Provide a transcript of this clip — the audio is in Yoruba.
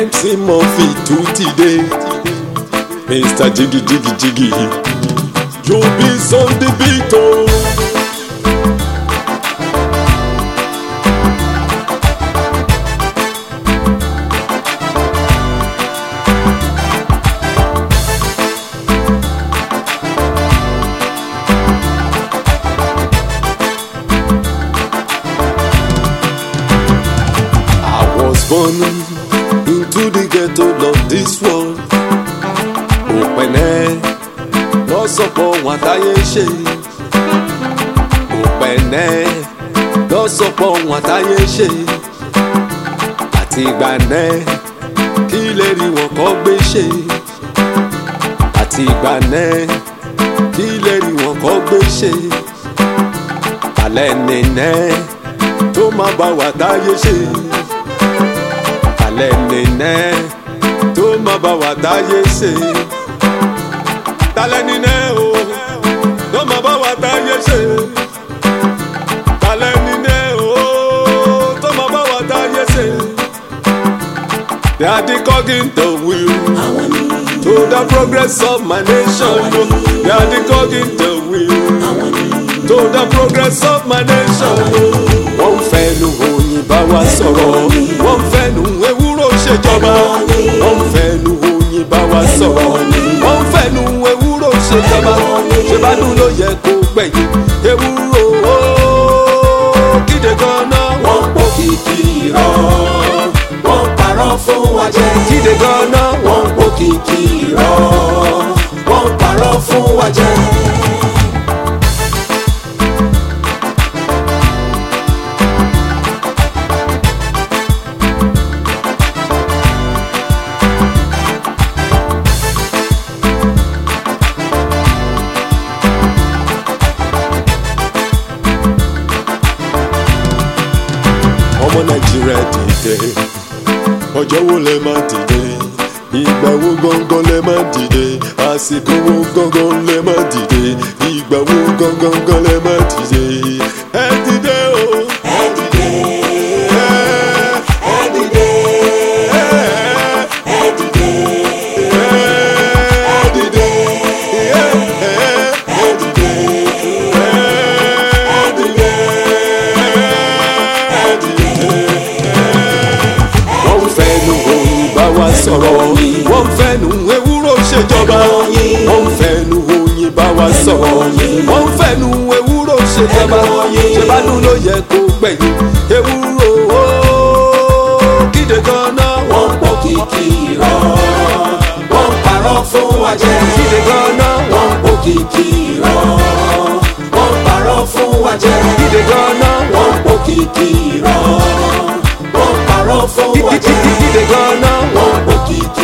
MC Murphy tún ti dé Mr Jiggy, jigi jigi yóò bí Sunday beat o. born to the ghetto love this world. òpẹ̀lẹ́ lọ́sọ̀pọ̀ wọn àtàyè ṣe. òpẹ̀lẹ́ lọ́sọ̀pọ̀ wọn àtàyè ṣe. àtìgbà náà kí lè rí wọn kọ́ gbé ṣe. àtìgbà náà kí lè rí wọn kọ́ gbé ṣe. tàlẹ́ nìyẹn tó má bá wà táyé ṣe alẹ́ nínẹ́ tó má bá wà táyé ṣe. talẹ́ nínẹ́ o tó má bá wà táyé ṣe. talẹ́ nínẹ́ o tó má bá wà táyé ṣe. Daddy Kogi tó wíwú to the progress of my nation. Daddy Kogi tó wíwú to the progress of my nation. wọ́n fẹ́ lu òyìnbá wa sọ̀rọ̀ sọ̀rọ̀ wọ́n ń fẹ̀nu ewúro ṣe jọba ṣe bá dùn ló yẹ kó gbẹ̀yìn ewúro ó kíde gan-an. wọ́n pò kìkì rán wọ́n parọ́ fún wa jẹ́. kíde gan-an. ọmọ nàìjíríà dìde ọjọ́ wo lẹ máa dìde ìgbà wo gangan lẹ máa dìde àsìkò wo gangan lẹ máa dìde ìgbà wo gangan lẹ máa dìde. sọ̀rọ̀ wọ́n fẹ́nu ewúro ṣèjọba wọ́n fẹ́nu oyin bá wa sọ̀rọ̀ wọ́n fẹ́nu ewúro ṣèjọba ṣe ló yẹ kó gbẹ̀yìn ewúro kíde gánà wọ́n pọ̀ kìkì rọ̀ wọ́n parọ́ fún wa jẹ́ kíde gánà wọ́n pọ̀ kìkì rọ̀ wọ́n parọ́ fún wa jẹ́ kíde gánà wọ́n pọ̀ kìkì rọ̀ wọ́n parọ́ fún wa jẹ́ kíde gánà wọ́n pọ̀. You.